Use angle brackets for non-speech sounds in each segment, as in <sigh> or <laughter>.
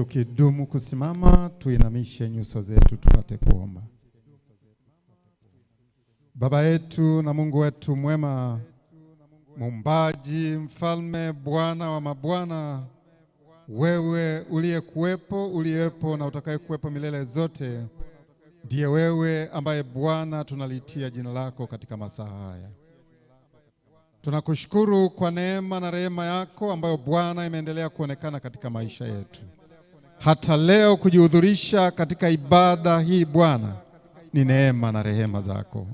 Tukidumu kusimama, tuinamishe nyuso zetu tupate kuomba. Baba yetu na Mungu wetu mwema, mumbaji Mfalme, Bwana wa mabwana, wewe uliyekuwepo, uliyepo na utakayekuwepo milele zote, ndiye wewe ambaye Bwana tunalitia jina lako katika masaa haya. Tunakushukuru kwa neema na rehema yako ambayo Bwana imeendelea kuonekana katika maisha yetu hata leo kujihudhurisha katika ibada hii Bwana, ni neema na rehema zako.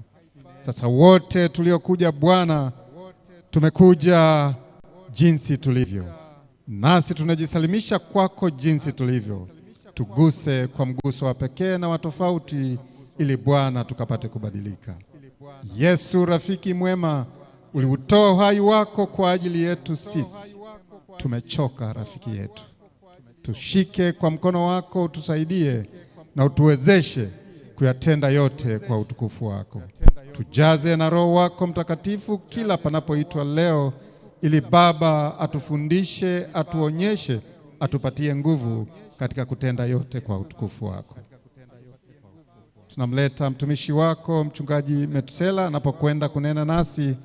Sasa wote tuliokuja Bwana, tumekuja jinsi tulivyo, nasi tunajisalimisha kwako jinsi tulivyo. Tuguse kwa mguso wa pekee na wa tofauti, ili Bwana tukapate kubadilika. Yesu rafiki mwema, uliutoa uhai wako kwa ajili yetu sisi. Tumechoka rafiki yetu tushike kwa mkono wako, utusaidie na utuwezeshe kuyatenda yote kwa utukufu wako. Tujaze na Roho wako Mtakatifu kila panapoitwa leo, ili Baba atufundishe, atuonyeshe, atupatie nguvu katika kutenda yote kwa utukufu wako. Tunamleta mtumishi wako Mchungaji Metusela anapokwenda kunena nasi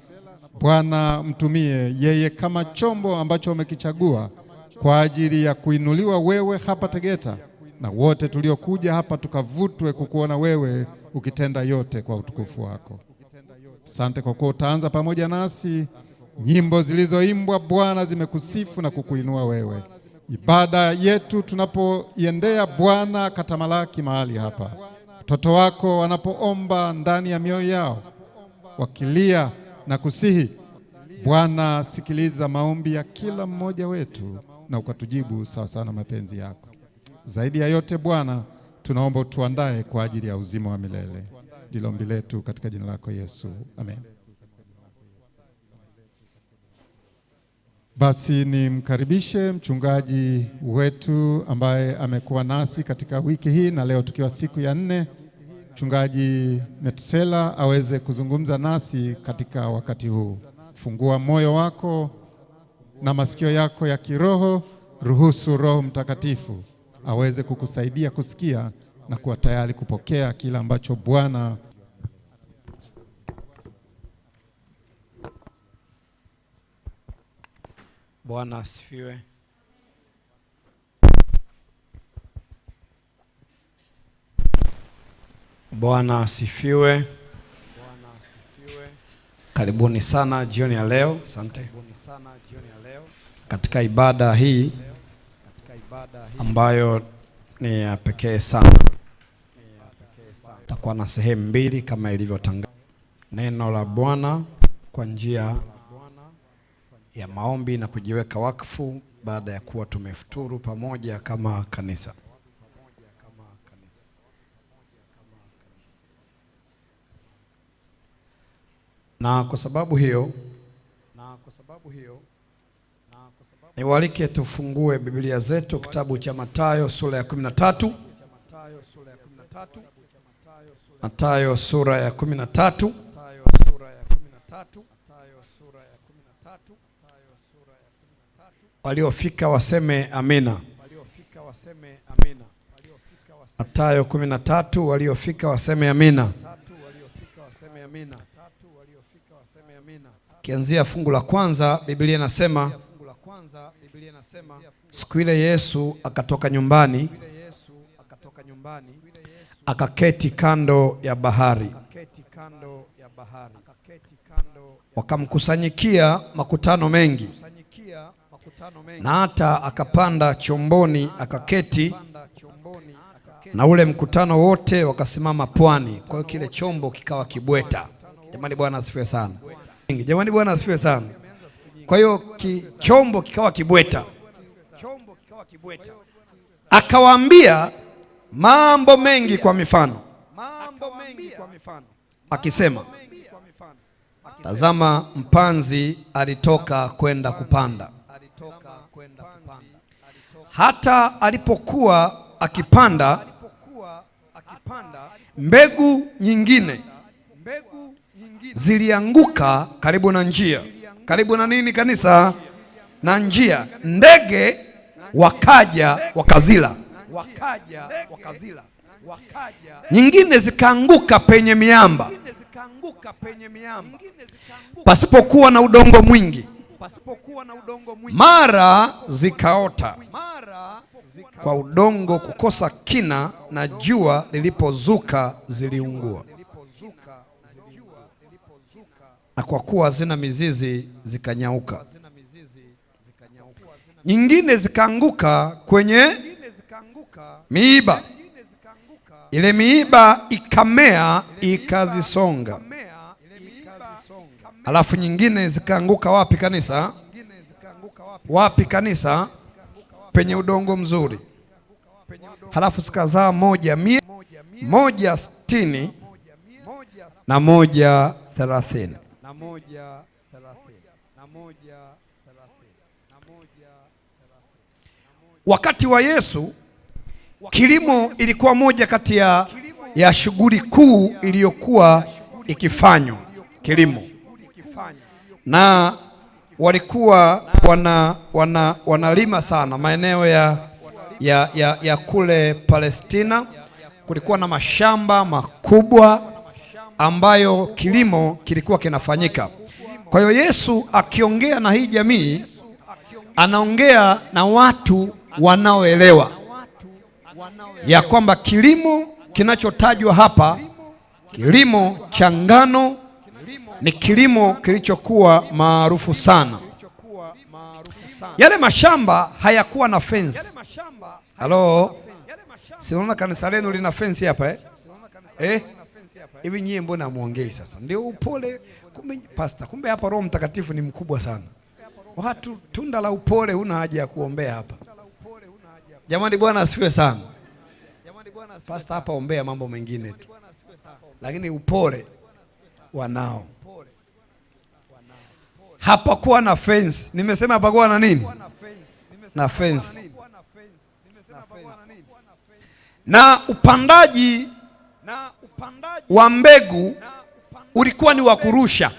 Bwana, mtumie yeye kama chombo ambacho umekichagua kwa ajili ya kuinuliwa wewe hapa Tegeta, na wote tuliokuja hapa tukavutwe kukuona wewe ukitenda yote kwa utukufu wako. Asante kwa kuwa utaanza pamoja nasi. Nyimbo zilizoimbwa Bwana zimekusifu na kukuinua wewe. Ibada yetu tunapoiendea Bwana katamalaki mahali hapa, watoto wako wanapoomba ndani ya mioyo yao wakilia na kusihi Bwana, sikiliza maombi ya kila mmoja wetu na ukatujibu sawa sawa na mapenzi yako. Zaidi ya yote Bwana, tunaomba utuandae kwa ajili ya uzima wa milele. Ndilo ombi letu katika jina lako Yesu, amen. Basi nimkaribishe mchungaji wetu ambaye amekuwa nasi katika wiki hii na leo tukiwa siku ya nne, mchungaji Metusela aweze kuzungumza nasi katika wakati huu. Fungua moyo wako na masikio yako ya kiroho, ruhusu Roho Mtakatifu aweze kukusaidia kusikia na kuwa tayari kupokea kila ambacho Bwana Bwana asifiwe. Bwana asifiwe. Karibuni sana jioni ya leo. Asante katika ibada hii ambayo ni ya pekee sana. Takuwa na sehemu mbili kama ilivyotangazwa, neno la Bwana kwa njia ya maombi na kujiweka wakfu baada ya kuwa tumefuturu pamoja kama kanisa. Na kwa sababu hiyo, na kwa sababu hiyo niwalike tufungue Biblia zetu kitabu cha Mathayo sura ya 13. Mathayo sura ya 13. Waliofika waseme amina. Mathayo 13, waliofika waseme amina. Kianzia fungu la kwanza, Biblia inasema siku ile Yesu akatoka nyumbani akaketi kando ya bahari, wakamkusanyikia makutano mengi, na hata akapanda chomboni akaketi, na ule mkutano wote wakasimama pwani. Kwa hiyo kile chombo kikawa kibweta. Jamani, Bwana asifiwe sana. Jamani, Bwana asifiwe sana. Kwa hiyo chombo kikawa kibweta, akawaambia mambo mengi kwa mifano, akisema, tazama, mpanzi alitoka kwenda kupanda. Hata alipokuwa akipanda mbegu nyingine zilianguka karibu na njia, karibu na nini kanisa na njia, ndege wakaja wakazila. Nyingine zikaanguka penye miamba pasipokuwa na udongo mwingi, mara zikaota kwa udongo kukosa kina, na jua lilipozuka ziliungua na kwa kuwa hazina mizizi zikanyauka, nyingine zikaanguka kwenye miiba, ile miiba ikamea ikazisonga. Alafu nyingine zikaanguka wapi kanisa? Wapi kanisa? Penye udongo mzuri, halafu zikazaa moja mia moja sitini na moja thelathini na moja thelathini na moja thelathini na moja thelathini. Wakati wa Yesu kilimo ilikuwa moja kati ya, ya shughuli kuu iliyokuwa ikifanywa kilimo, na walikuwa wana, wana, wanalima sana maeneo ya, ya, ya, ya kule Palestina. Kulikuwa na mashamba makubwa ambayo kilimo kilikuwa kinafanyika. Kwa hiyo Yesu akiongea na hii jamii anaongea na watu wanaoelewa ya kwamba kilimo kinachotajwa hapa, kilimo cha ngano, ni kilimo kilichokuwa maarufu sana. Yale mashamba hayakuwa na fence. Halo, si unaona kanisa lenu lina fence hapa eh? Eh? hivi nyie mbona muongei sasa? Ndio upole. Kumbe pasta, kumbe hapa Roho Mtakatifu ni mkubwa sana. Watu tunda la upole, huna haja ya kuombea hapa. Jamani, Bwana asifiwe sana. Pasta hapa ombea mambo mengine tu, lakini upole wanao. Hapakuwa na fence. Nimesema hapakuwa na nini? Na fence. Na upandaji na wa mbegu ulikuwa ni wa kurusha.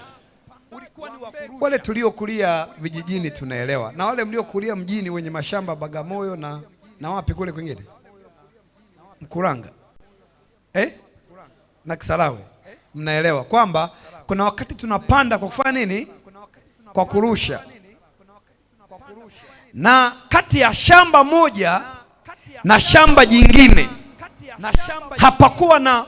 Wale tuliokulia vijijini tunaelewa, na wale mliokulia mjini wenye mashamba Bagamoyo na, na wapi kule kwingine Mkuranga eh? na Kisarawe, mnaelewa kwamba kuna wakati tunapanda kwa kufanya nini? Kwa kurusha. Na kati ya shamba moja na shamba jingine hapakuwa na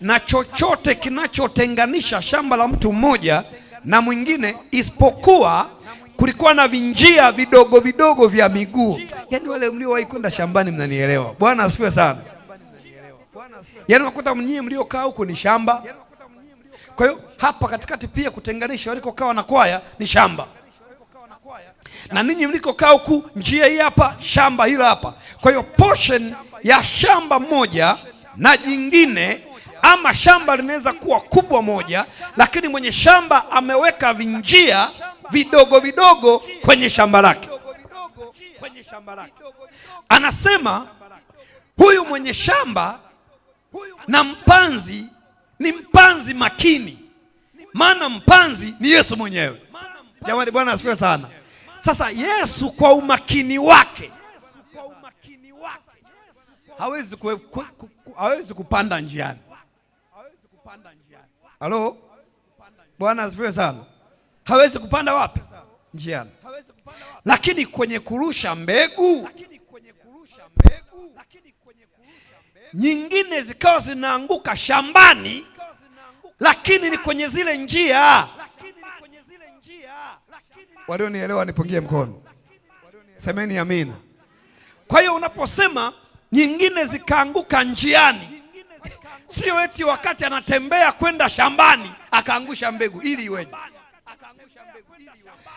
na chochote kinachotenganisha shamba la mtu mmoja na mwingine, isipokuwa kulikuwa na vinjia vidogo vidogo vya miguu. Yaani wale mliowahi kwenda shambani mnanielewa. Bwana asifiwe sana. Yaani unakuta mnyie mliokaa huko ni shamba, kwa hiyo hapa katikati pia kutenganisha walikokaa na kwaya ni shamba na ninyi mlikokaa huku njia hii hapa shamba hili hapa. Kwa hiyo portion ya shamba moja na jingine ama shamba linaweza kuwa kubwa moja, lakini mwenye shamba ameweka vinjia vidogo vidogo kwenye shamba lake. Anasema huyu mwenye shamba na mpanzi ni mpanzi makini, maana mpanzi ni Yesu mwenyewe. Jamani, Bwana asifiwe sana. Sasa Yesu kwa umakini wake hawezi, kwe, hawezi kupanda njiani Halo, Bwana asifiwe sana. Hawezi kupanda wapi? Njiani. Lakini kwenye kurusha mbegu nyingine zikawa zinaanguka shambani, lakini ni kwenye zile njia. Walionielewa nipungie mkono, semeni amina. Kwa hiyo unaposema nyingine zikaanguka njiani Sio eti wakati anatembea kwenda shambani akaangusha mbegu ili iweje?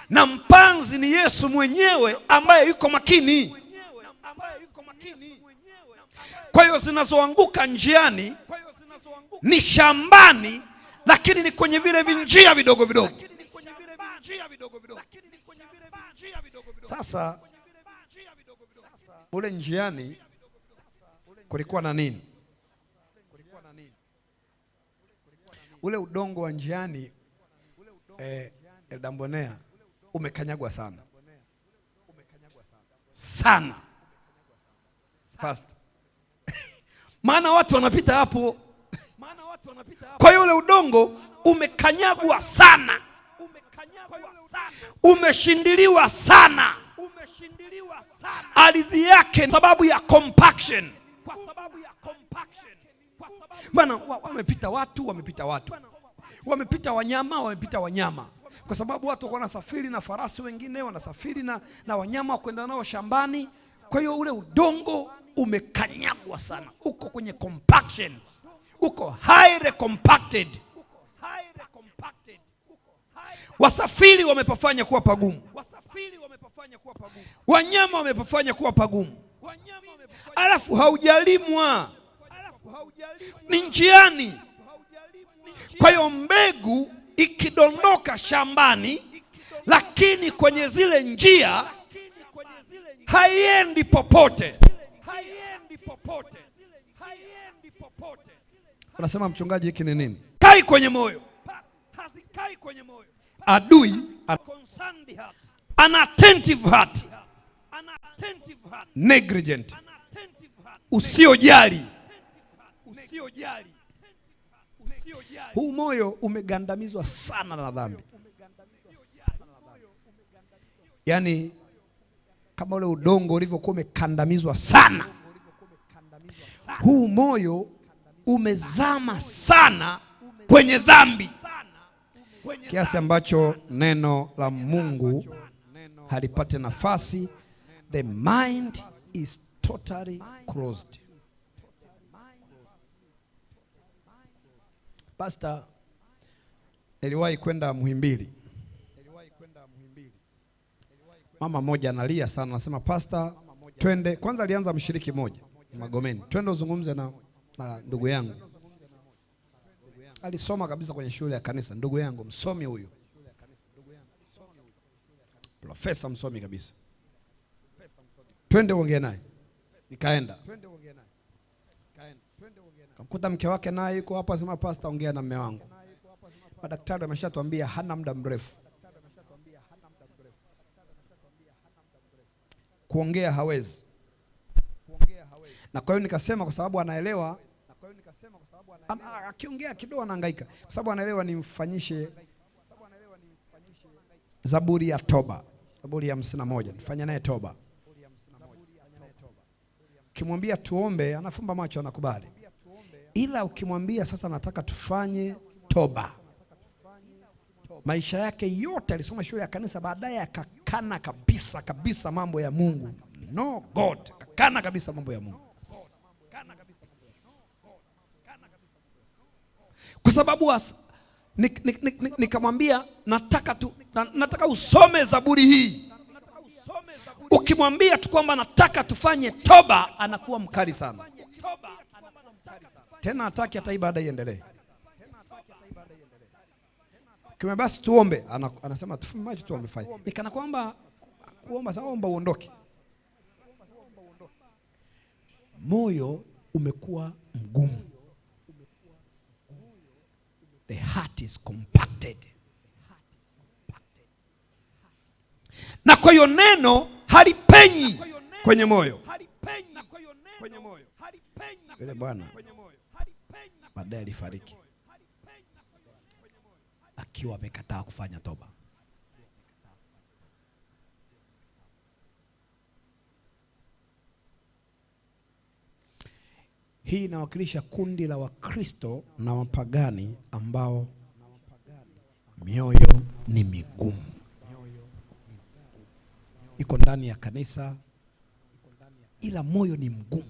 Na mpanzi ni Yesu mwenyewe ambaye yuko makini. Kwa hiyo zinazoanguka njiani ni shambani, lakini ni kwenye vile vinjia vidogo vidogo. Sasa ule njiani kulikuwa na nini? ule udongo wa njiani eh, Eldambonea umekanyagwa sana sana fast, <laughs> maana watu wanapita hapo. Kwa hiyo ule udongo umekanyagwa sana, umeshindiliwa sana ardhi yake, sababu ya compaction. kwa sababu ya compaction Bwana, wamepita watu, wamepita watu, wamepita wanyama, wamepita wanyama, kwa sababu watu wako wanasafiri na farasi, wengine wanasafiri na, na wanyama kwenda nao shambani. Kwa hiyo ule udongo umekanyagwa sana, uko kwenye compaction, uko highly compacted. Wasafiri wamepafanya kuwa pagumu, wanyama wamepafanya kuwa pagumu, alafu haujalimwa ni njiani. Kwa hiyo mbegu ikidondoka shambani, lakini kwenye zile njia haiendi popote. Unasema mchungaji, hiki ni nini? Kai kwenye moyo, hazikai kwenye moyo. adui an an attentive heart, negligent, usiyojali usiojali. Huu moyo umegandamizwa sana na dhambi, yaani kama ule udongo ulivyokuwa umekandamizwa sana, huu moyo umezama sana kwenye dhambi kiasi ambacho neno la Mungu halipate nafasi. The mind is totally closed. pasta niliwahi kwenda Muhimbili, mama mmoja analia sana, anasema pasta twende kwanza. Alianza mshiriki mmoja Magomeni, twende uzungumze na, na ndugu yangu alisoma kabisa kwenye shule ya kanisa, ndugu yangu msomi huyu, profesa msomi kabisa, twende uongee naye. Nikaenda Kamkuta mke wake naye yuko hapo, asema pasta, ongea na mume wangu. Madaktari wameshatuambia hana muda mrefu kuongea, hawezi na kwa hiyo nikasema, kwa sababu anaelewa akiongea kidogo anahangaika, kwa sababu anaelewa, nimfanyishe Zaburi ya toba, Zaburi ya hamsini na moja, nifanye naye toba. kimwambia tuombe, anafumba macho, anakubali ila ukimwambia sasa, nataka tufanye toba, maisha yake yote alisoma shule ya kanisa, baadaye akakana kabisa kabisa mambo ya Mungu, no God, akakana kabisa mambo ya Mungu kwa sababu nikamwambia ni, ni, ni nataka tu, na, nataka usome Zaburi hii. Ukimwambia tu kwamba nataka tufanye toba, anakuwa mkali sana tena hataki hata ibada iendelee. Kime basi tuombe, anasema tufume maji tuombe, fai. nikana kwamba kuomba sasa, omba uondoke. Moyo umekuwa mgumu, the heart is compacted. Na kwa hiyo neno halipenyi kwenye moyo, kwenye moyo Kwenye moyo baadaye alifariki akiwa amekataa kufanya toba. Hii inawakilisha kundi la Wakristo na wapagani ambao mioyo ni migumu, iko ndani ya kanisa ila moyo ni mgumu.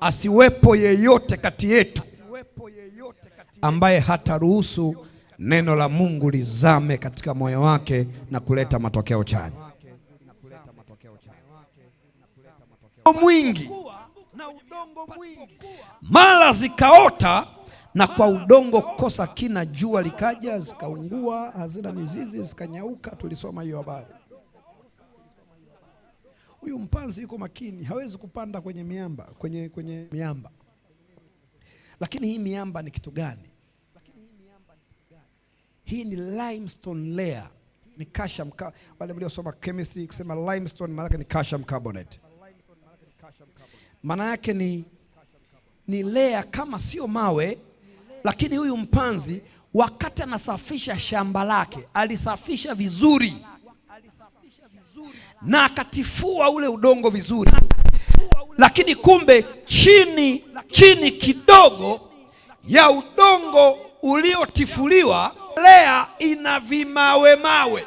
asiwepo yeyote kati yetu ambaye hataruhusu neno la Mungu lizame katika moyo wake na kuleta matokeo chanya. mwingi mara zikaota na kwa udongo kukosa kina, jua likaja, zikaungua, hazina mizizi, zikanyauka. Tulisoma hiyo habari. Huyu mpanzi yuko makini, hawezi kupanda kwenye miamba, kwenye, kwenye miamba. Lakini hii miamba ni kitu gani? Hii ni limestone layer, ni calcium. Wale mliosoma chemistry kusema limestone maana yake ni calcium carbonate, maana yake ni ni layer kama sio mawe. Lakini huyu mpanzi wakati anasafisha shamba lake alisafisha vizuri na akatifua ule udongo vizuri, lakini kumbe chini chini kidogo ya udongo uliotifuliwa lea ina vimawe mawe,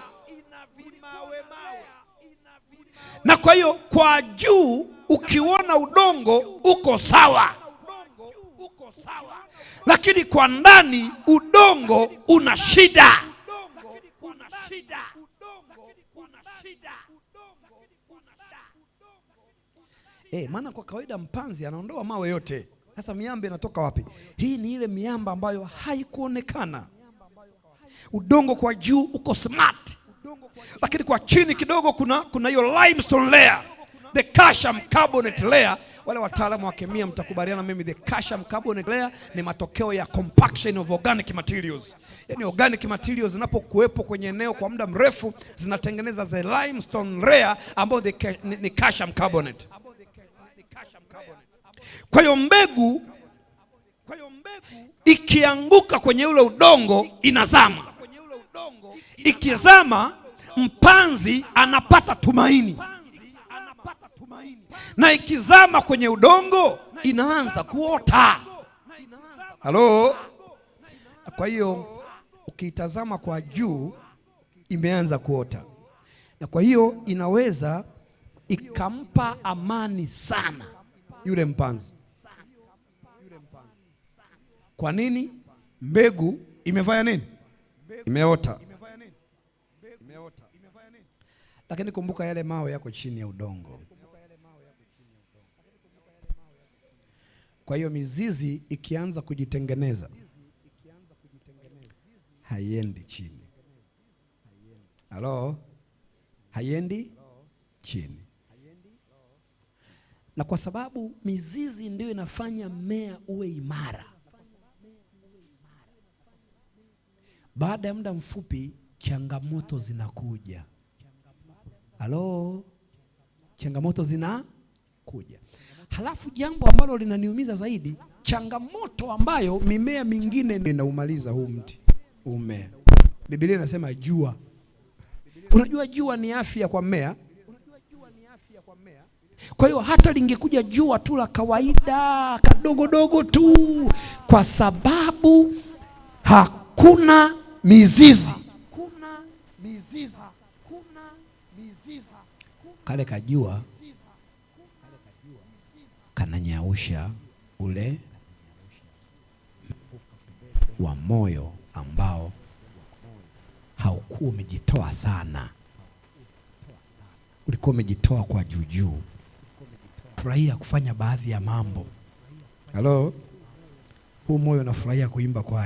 na kwa hiyo kwa juu ukiona udongo uko sawa, lakini kwa ndani udongo una shida. eh, maana kwa kawaida mpanzi anaondoa mawe yote. Sasa miamba inatoka wapi? Hii ni ile miamba ambayo haikuonekana. Udongo kwa juu uko smart, lakini kwa chini kidogo kuna kuna hiyo limestone layer, the calcium carbonate layer. Wale wataalamu wa kemia mtakubaliana mimi, the calcium carbonate layer ni matokeo ya compaction of organic materials. Yani organic materials zinapokuwepo kwenye eneo kwa muda mrefu zinatengeneza the limestone layer ambayo ni calcium carbonate. Kwa hiyo mbegu ikianguka kwenye ule udongo inazama, ikizama mpanzi anapata tumaini, na ikizama kwenye udongo inaanza kuota. Halo, kwa hiyo ukiitazama kwa juu imeanza kuota, na kwa hiyo inaweza ikampa amani sana yule mpanzi. Kwa nini? Mbegu imefanya nini? Imeota. Lakini kumbuka yale mawe yako chini ya udongo. Kwa hiyo mizizi ikianza kujitengeneza haiendi chini. Halo? Haiendi chini na kwa sababu mizizi ndiyo inafanya mmea uwe imara. Baada ya muda mfupi, changamoto zinakuja. Halo, changamoto zinakuja. Halafu jambo ambalo linaniumiza zaidi, changamoto ambayo mimea mingine inaumaliza huu mti umea Biblia inasema jua. Unajua jua ni afya kwa mmea. Unajua jua ni afya kwa mmea. Kwa hiyo hata lingekuja jua tu la kawaida kadogodogo tu, kwa sababu hakuna mizizi. Kale kajua kananyausha ule wa moyo ambao haukuwa umejitoa sana, ulikuwa umejitoa kwa juujuu furahia kufanya baadhi ya mambo. Halo, huu moyo unafurahia kuimba kwaya.